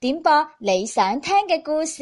點播你想聽嘅故事。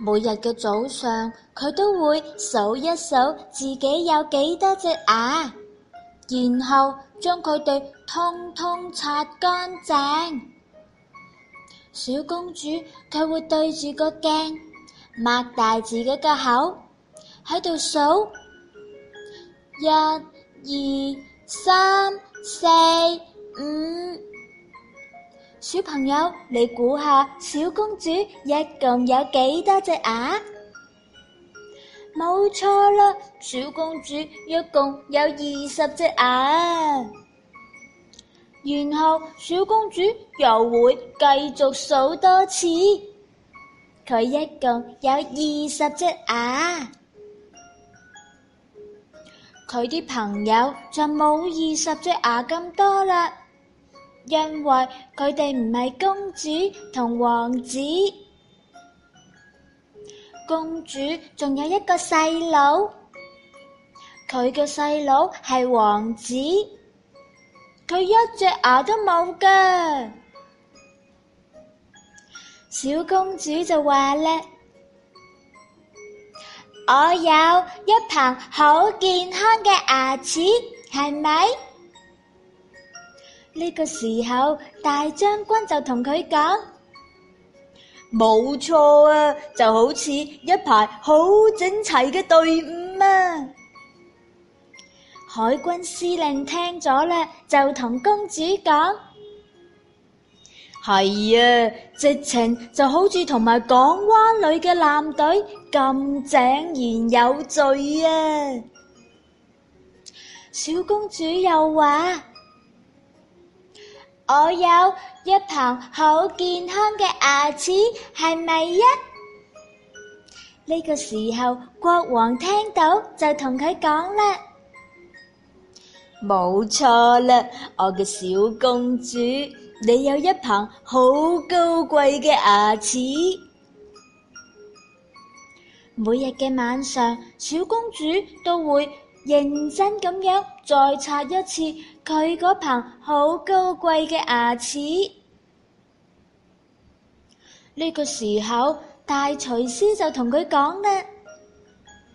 每日嘅早上，佢都會數一數自己有幾多隻牙，然後將佢哋通通刷乾淨。小公主佢會對住個鏡，擘大自己嘅口，喺度數：一、二、三、四、五。小朋友，你估下小公主一共有幾多隻牙？冇錯啦，小公主一共有二十隻牙。然後小公主又會繼續數多次，佢一共有二十隻牙。佢啲朋友就冇二十隻牙咁多啦。因為佢哋唔係公主同王子，公主仲有一個細佬，佢嘅細佬係王子，佢一隻牙都冇㗎。小公主就話咧：我有一棚好健康嘅牙齒，係咪？呢個時候，大將軍就同佢講：冇錯啊，就好似一排好整齊嘅隊伍啊！海軍司令聽咗咧，就同公主講：係啊，直情就好似同埋港灣裏嘅艦隊咁井然有序啊！小公主又話：我有一棚好健康嘅牙齒，係咪呀？呢個時候國王聽到就同佢講啦，冇錯啦，我嘅小公主，你有一棚好高貴嘅牙齒。每日嘅晚上，小公主都會認真咁樣再刷一次佢嗰棚好高貴嘅牙齒。呢個時候，大廚師就同佢講啦：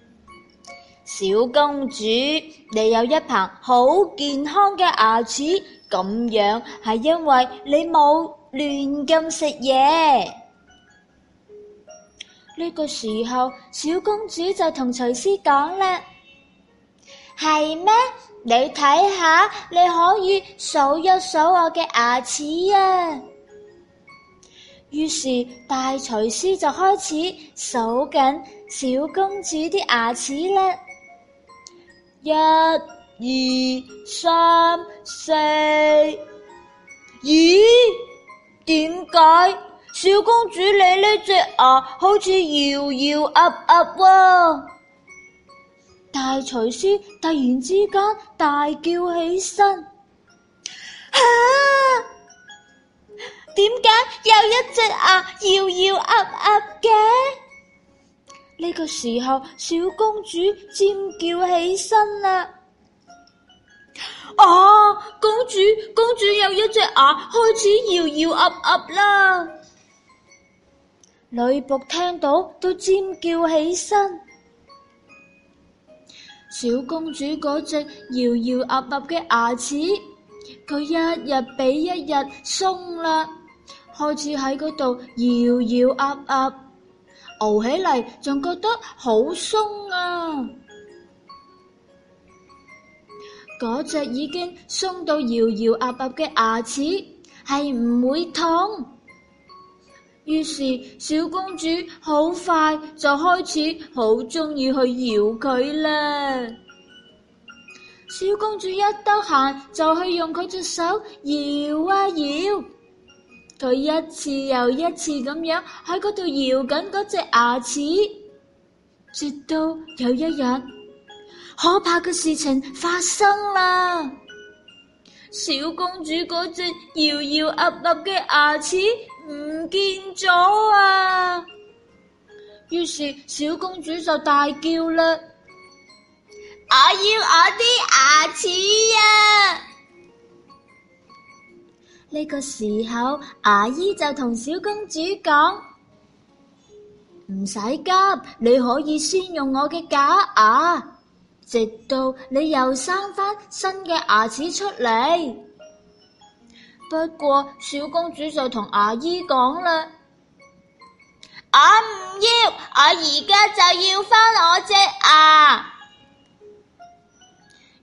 「小公主，你有一棚好健康嘅牙齒，咁樣係因為你冇亂咁食嘢。呢個時候，小公主就同廚師講啦。係咩？你睇下，你可以數一數我嘅牙齒啊！於是大廚師就開始數緊小公主啲牙齒啦。一、二、三、四。咦？點解小公主你呢隻牙好似搖搖鴨鴨喎？大廚師突然之間大叫起身。吓、啊！點解有一隻牙搖搖噏噏嘅？呢個時候，小公主尖叫起身啦！啊，公主，公主有一隻牙開始搖搖噏噏啦！女僕聽到都尖叫起身。小公主嗰隻搖搖噏噏嘅牙齒，佢一日比一日鬆啦，開始喺嗰度搖搖噏噏，咬起嚟仲覺得好鬆啊！嗰隻已經鬆到搖搖噏噏嘅牙齒係唔會痛。於是，小公主好快就開始好鍾意去搖佢啦。小公主一得閒就去用佢隻手搖啊搖，佢一次又一次咁樣喺嗰度搖緊嗰隻牙齒，直到有一日，可怕嘅事情發生啦。小公主嗰隻搖搖岌岌嘅牙齒唔見咗啊！於是小公主就大叫啦：我要我啲牙齒啊！呢個時候牙醫就同小公主講：唔使急，你可以先用我嘅假牙。直到你又生翻新嘅牙齒出嚟。不過小公主就同牙醫講啦：我唔要，我而家就要翻我隻牙。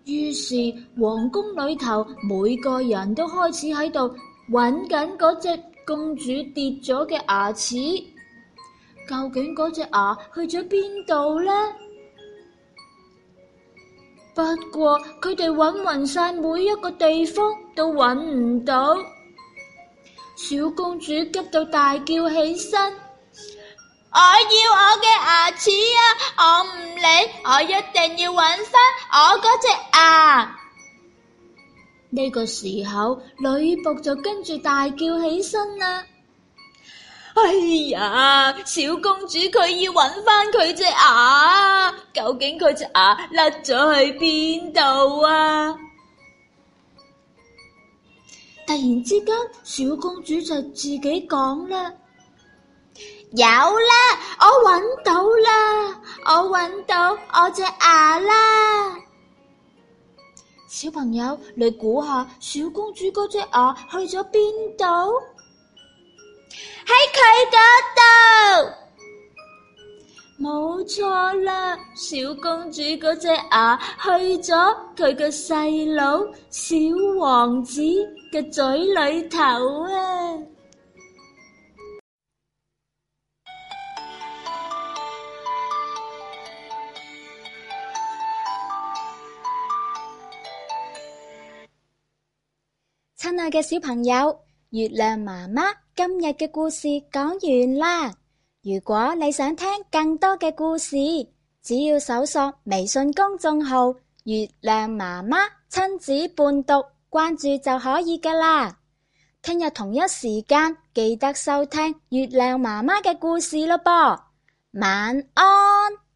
於是皇宮裏頭每個人都開始喺度揾緊嗰隻公主跌咗嘅牙齒。究竟嗰隻牙去咗邊度呢？不過佢哋揾匀晒每一個地方都揾唔到，小公主急到大叫起身：我要我嘅牙齒啊！我唔理，我一定要揾翻我嗰隻牙。呢個時候，女僕就跟住大叫起身啦、啊。哎呀，小公主佢要揾翻佢隻牙，究竟佢隻牙甩咗去邊度啊？突然之間，小公主就自己講啦：有啦，我揾到啦，我揾到我隻牙啦！小朋友，你估下，小公主嗰隻牙去咗邊度？喺佢嗰度，冇錯啦！小公主嗰隻牙去咗佢個細佬小王子嘅嘴裏頭啊！親愛嘅小朋友，月亮媽媽，今日嘅故事講完啦，如果你想聽更多嘅故事，只要搜索微信公眾號月亮媽媽親子伴讀，關注就可以噶啦。聽日同一時間記得收聽月亮媽媽嘅故事咯噃，晚安。